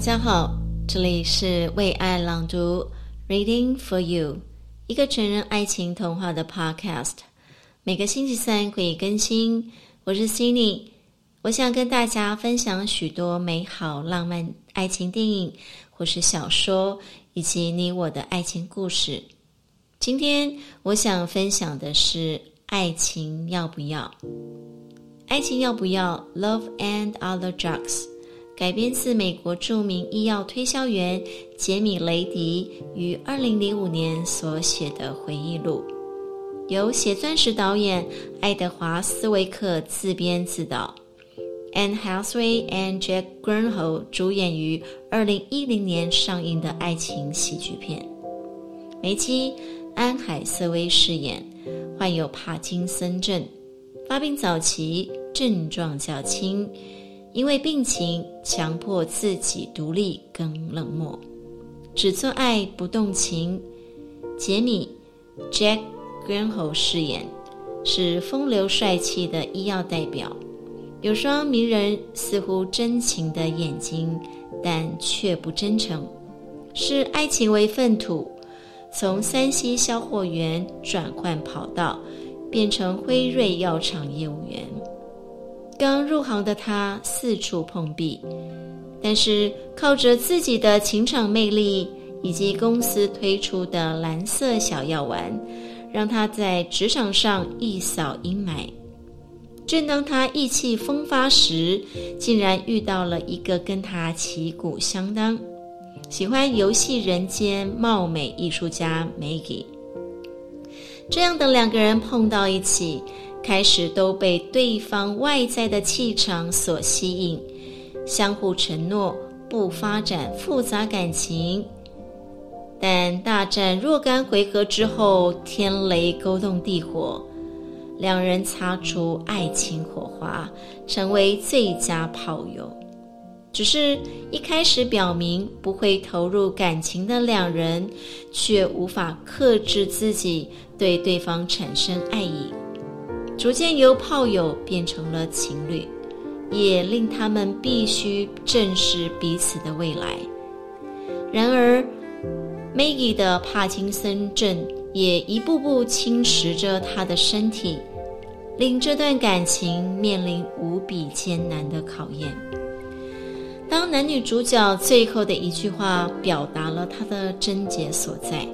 大家好，這裡是為愛朗讀 （Reading for You），一個成人愛情童話的 Podcast，每個星期三會更新。我是 s i n n y 我想跟大家分享許多美好浪漫愛情電影或是小說，以及你我的愛情故事。今天我想分享的是《愛情要不要》，《愛情要不要》（Love and Other Drugs）。改編自美國著名醫藥推銷員傑米·雷迪於二零零五年所寫的回憶錄，由《血鑽石》導演愛德華·斯維克自編自導，Anne Hathaway and Jake Gyllenhaal 主演於二零一零年上映的愛情喜劇片。梅基·安·海瑟薇飾演患有帕金森症，發病早期症狀較輕。因為病情，強迫自己獨立，跟冷漠，只做愛不動情。傑米，Jake Gyllenhaal 飾演，是風流帥氣的醫藥代表，有雙迷人、似乎真情的眼睛，但卻不真誠，視愛情為糞土。從三星銷貨員轉換跑道，變成輝瑞藥廠業務員。剛入行的他四處碰壁，但是靠着自己的情場魅力以及公司推出的藍色小藥丸，讓他在職場上一掃陰霾。正當他意氣風發時，竟然遇到了一個跟他旗鼓相當、喜歡遊戲人間、貌美藝術家 Maggie。這樣的兩個人碰到一起。開始都被對方外在的氣場所吸引，相互承諾不發展複雜感情。但大戰若干回合之後，天雷勾動地火，兩人擦出愛情火花，成為最佳炮友。只是一開始表明不會投入感情的兩人，却無法克制自己對對方產生愛意。逐漸由炮友變成了情侶，也令他們必須正視彼此的未來。然而，Maggie 的帕金森症也一步步侵蝕着她的身體，令這段感情面臨無比艱難的考驗。當男女主角最後的一句話表達了她的症結所在：“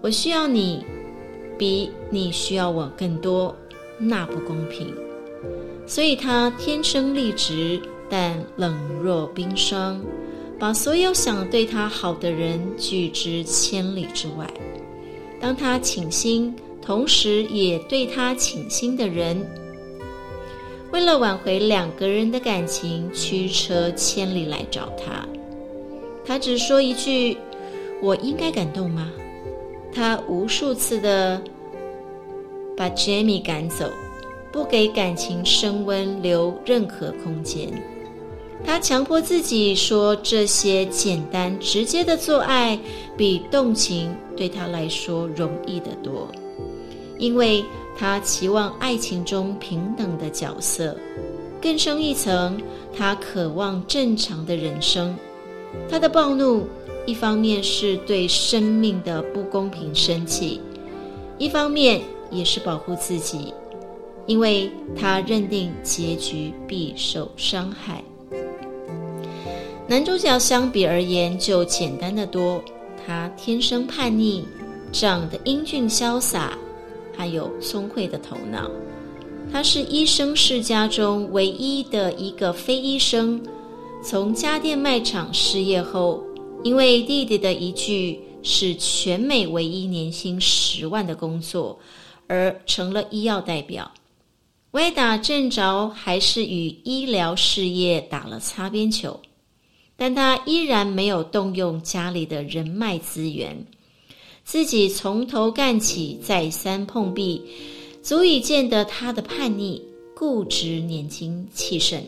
我需要你，比你需要我更多。”那不公平，所以他天生麗質，但冷若冰霜，把所有想對他好的人拒之千里之外。當他傾心，同時也對他傾心的人，為了挽回兩個人的感情，驅車千里來找他，他只說一句：“我應該感動嗎？”他無數次的。把 Jamie 趕走，不給感情升溫留任何空間。他強迫自己說，這些簡單直接的做愛比動情對他來說容易得多，因為他期望愛情中平等的角色。更深一層，他渴望正常的人生。他的暴怒，一方面是對生命的不公平生氣，一方面。也是保護自己，因為他認定結局必受傷害。男主角相比而言就簡單得多，他天生叛逆，長得英俊瀟灑，還有聰慧的頭腦。他是醫生世家中唯一的一個非醫生，從家電賣場失業後，因為弟弟的一句“是全美唯一年薪十萬”的工作。而成了醫藥代表，歪打正着，還是與醫療事業打了擦邊球。但他依然沒有動用家裡的人脈資源，自己從頭幹起，再三碰壁，足以見得他的叛逆、固執、年輕氣盛。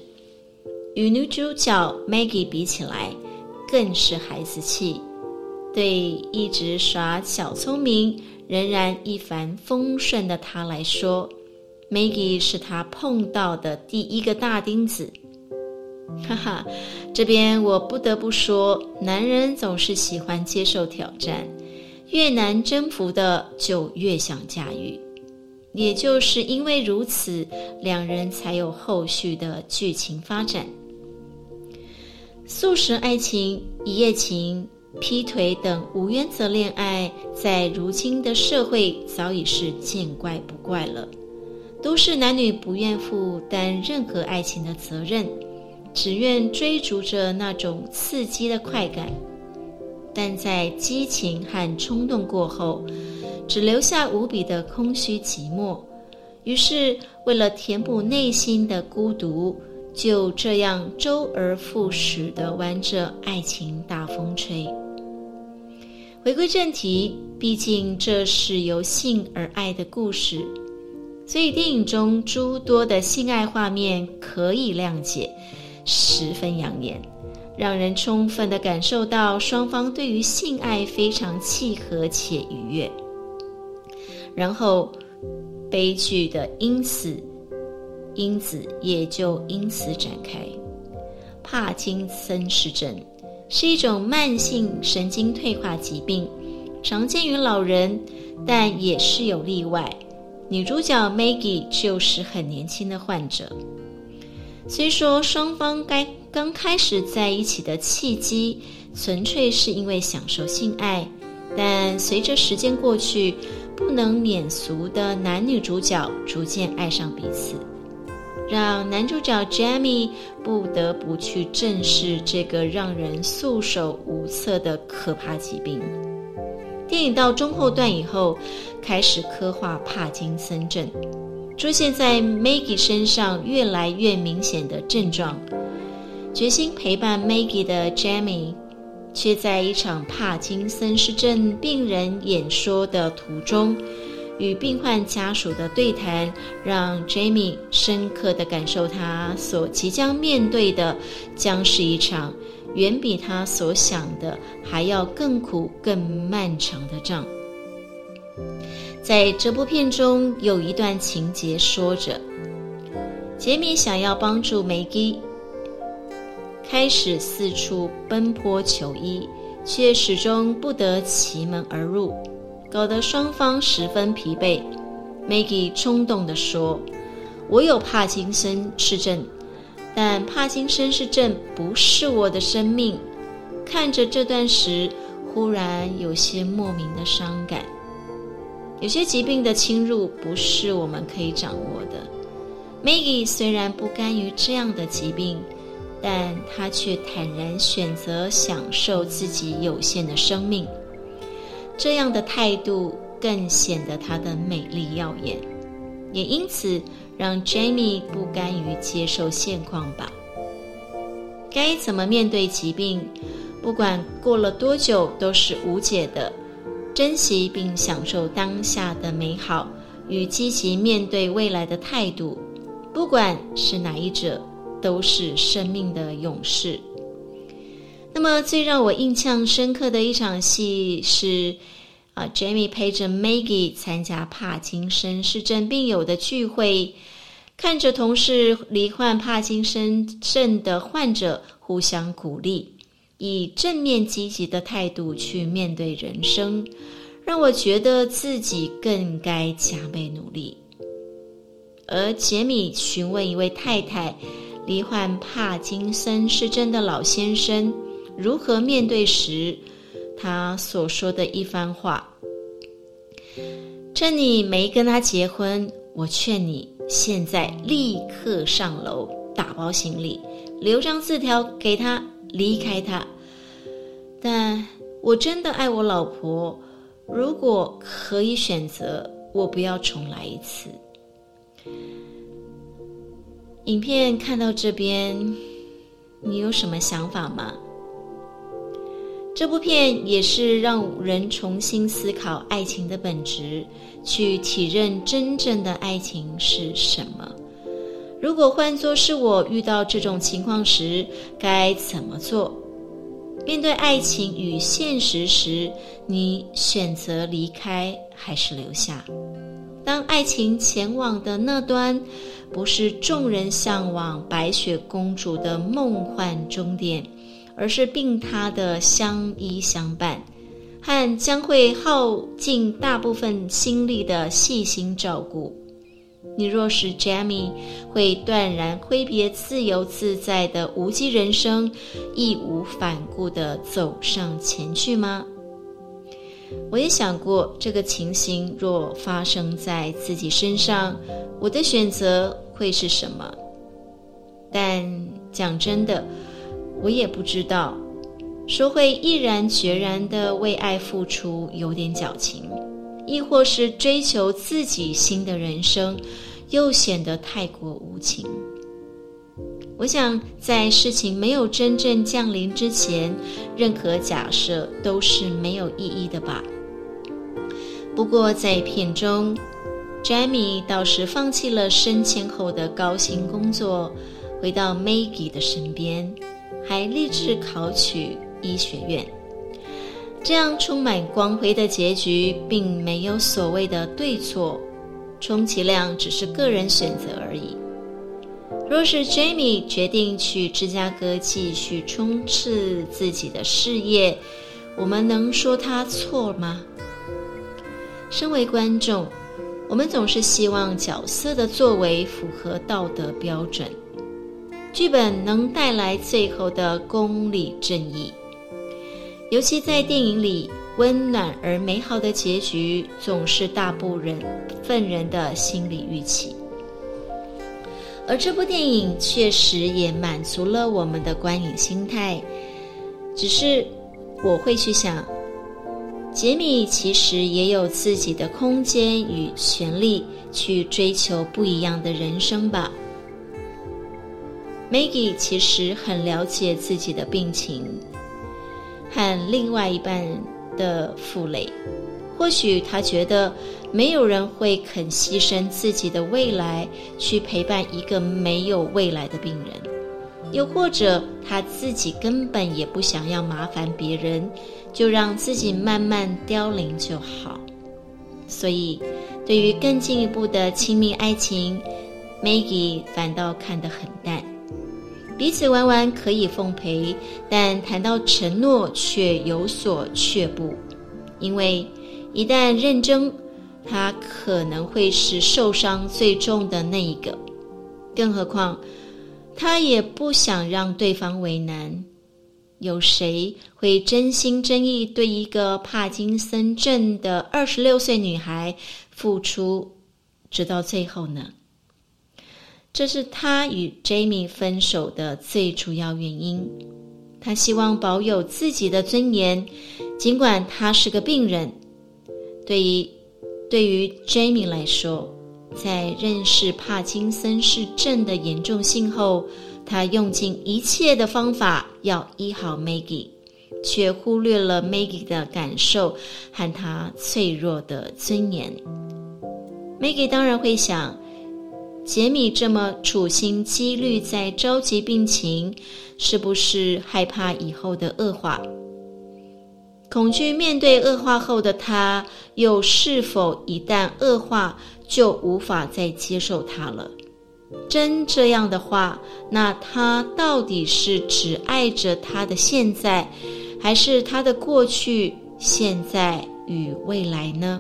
與女主角 Maggie 比起來，更是孩子氣。對一直耍小聰明、仍然一帆風順的他來說，Maggie 是他碰到的第一個大釘子。哈哈，這邊我不得不說，男人總是喜歡接受挑戰，越難征服的就越想駕馭。也就是因為如此，兩人才有後續的劇情發展。速食愛情，一夜情。劈腿等無原則戀愛，在如今的社會早已是見怪不怪了。都是男女不願負擔任何愛情的責任，只願追逐着那種刺激的快感。但在激情和衝動過後，只留下無比的空虛寂寞。於是，為了填補內心的孤獨，就這樣周而復始的玩着愛情大風吹。回歸正題，畢竟這是由性而愛的故事，所以電影中諸多的性愛畫面可以諒解，十分養眼，讓人充分的感受到雙方對於性愛非常契合且愉悅。然後悲劇的因此。因此也就因此展開。帕金森氏症是一種慢性神經退化疾病，常見於老人，但也是有例外。女主角 Maggie 就是很年輕的患者。雖說雙方該剛，剛開始在一起的契機純粹是因為享受性愛，但隨着時間過去，不能免俗的男女主角逐漸愛上彼此。讓男主角 Jamie 不得不去正視這個讓人束手無策的可怕疾病。電影到中後段以後，開始刻畫帕金森症出現在 Maggie 身上越來越明顯的症狀。決心陪伴 Maggie 的 Jamie，卻在一場帕金森氏症病人演說的途中，與病患家屬的對談，讓杰米深刻的感受他所即將面對的，將是一場遠比他所想的還要更苦、更漫長的仗。在這部片中，有一段情節說着杰米想要幫助 Maggie，開始四處奔波求醫，卻始終不得其門而入。搞得雙方十分疲憊。Maggie 衝動地說：“我有帕金森氏症，但帕金森氏症不是我的生命。”看着這段時，忽然有些莫名的傷感。有些疾病的侵入不是我們可以掌握的。Maggie 雖然不甘於這樣的疾病，但她卻坦然選擇享受自己有限的生命。這樣的態度更顯得她的美麗耀眼，也因此讓 Jamie 不甘於接受現況吧。該怎麼面對疾病？不管過了多久都是無解的，珍惜並享受當下的美好與積極面對未來的態度，不管是哪一者，都是生命的勇士。那麼最讓我印象深刻的一場戲是，啊，傑米陪着 Maggie 參加帕金森氏症病友的聚會，看着同是罹患帕金森症的患者互相鼓勵，以正面積極的態度去面對人生，讓我覺得自己更該加倍努力。而傑米詢問一位太太罹患帕金森氏症的老先生如何面對時，他所說的一番話。趁你沒跟他結婚，我勸你現在立刻上樓打包行李，留張字條給他，離開他。但我真的愛我老婆，如果可以選擇，我不要重來一次。影片看到這邊，你有什麼想法嗎？這部片也是讓人重新思考愛情的本質，去體認真正的愛情是什麼。如果換作是我遇到這種情況時，該怎麼做？面對愛情與現實時，你選擇離開還是留下？當愛情前往的那端，不是眾人向往白雪公主的夢幻終點。而是病榻的相依相伴，和將會耗盡大部分心力的細心照顧。你若是 Jamie，會斷然揮別自由自在的無羈人生，義無反顧地走上前去嗎？我也想過這個情形若發生在自己身上，我的選擇會是什麼？但講真的。我也不知道，說會毅然決然地為愛付出有點矯情，亦或是追求自己新的人生，又顯得太過無情。我想，在事情沒有真正降臨之前，任何假設都是沒有意義的吧。不過，在片中，Jamie 倒是放棄了升遷後的高薪工作，回到 Maggie 的身邊。還立志考取醫學院，這樣充滿光輝的結局，並沒有所謂的對錯，充其量只是個人選擇而已。若是 Jamie 決定去芝加哥繼續衝刺自己的事業，我們能說他錯嗎？身為觀眾，我們總是希望角色的作為符合道德標準。劇本能帶來最後的公理正義，尤其在電影裡，溫暖而美好的結局總是大部分人的心理預期。而這部電影確實也滿足了我們的觀影心態，只是我會去想，杰米其實也有自己的空間與權利去追求不一樣的人生吧。Maggie 其實很了解自己的病情、和另外一半的負累，或許她覺得沒有人會肯犧牲自己的未來去陪伴一個沒有未來的病人，又或者她自己根本也不想要麻煩別人，就讓自己慢慢凋零就好。所以，對於更進一步的親密愛情，Maggie 反倒看得很淡。彼此玩玩可以奉陪，但談到承諾卻有所卻步，因為一旦認真，他可能會是受傷最重的那一個。更何況，他也不想讓對方為難。有誰會真心真意對一個帕金森症的二十六歲女孩付出，直到最後呢？這是他與 Jamie 分手的最主要原因。他希望保有自己的尊嚴，儘管他是個病人。對於對於 Jamie 來說，在認識帕金森氏症的嚴重性後，他用盡一切的方法要醫好 Maggie，卻忽略了 Maggie 的感受和他脆弱的尊嚴。Maggie 當然會想。杰米這麼處心積慮在着急病情，是不是害怕以後的惡化？恐懼面對惡化後的他，又是否一旦惡化就無法再接受他了？真這樣的話，那他到底是只愛着他的現在，還是他的過去、現在與未來呢？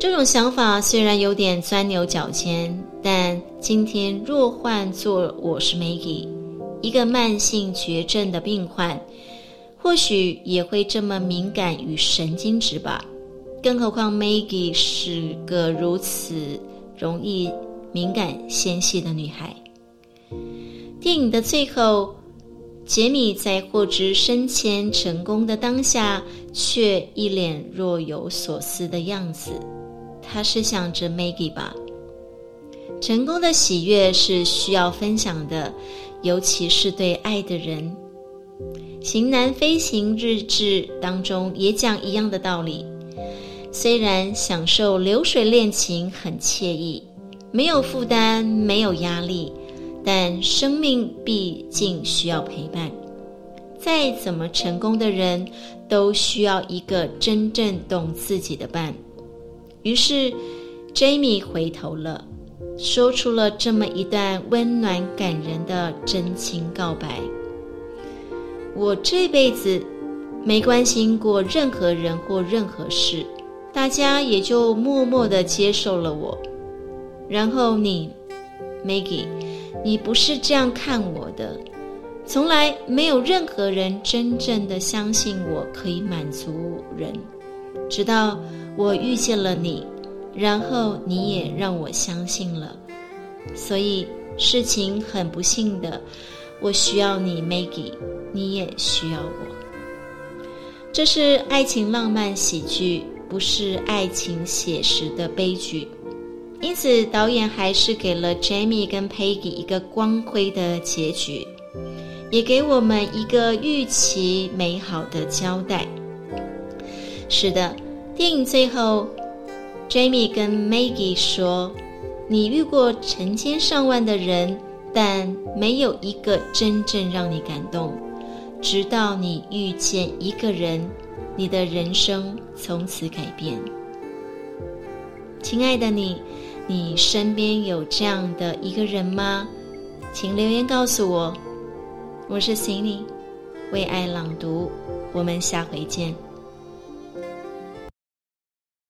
這種想法雖然有點鑽牛角尖，但今天若換做我是 Maggie，一個慢性絕症的病患，或許也會這麼敏感與神經質吧。更何況 Maggie 是個如此容易敏感纖細的女孩。電影的最後，杰米在獲知升遷成功的當下，卻一臉若有所思的樣子。他是想着 Maggie 吧？成功的喜悅是需要分享的，尤其是對愛的人。《型男飛行日誌》當中也講一樣的道理。雖然享受流水戀情很愜意，沒有負擔，沒有壓力，但生命畢竟需要陪伴。再怎麼成功的人都需要一個真正懂自己的伴。於是，Jamie 回頭了，說出了這麼一段溫暖感人的真情告白：“我這輩子沒關心過任何人或任何事，大家也就默默的接受了我。然後你，Maggie，你不是這樣看我的，從來沒有任何人真正的相信我可以滿足人。”直到我遇見了你，然後你也讓我相信了。所以事情很不幸的，我需要你，Maggie，你也需要我。這是愛情浪漫喜劇，不是愛情寫實的悲劇。因此，導演還是給了 Jamie 跟 Peggy 一個光輝的結局，也給我們一個預期美好的交代。是的，電影最後，Jamie 跟 Maggie 說：“你遇過成千上萬的人，但沒有一個真正讓你感動，直到你遇見一個人，你的人生從此改變。”親愛的你，你身邊有這樣的一個人嗎？請留言告訴我。我是邢玲，為愛朗讀，我們下回見。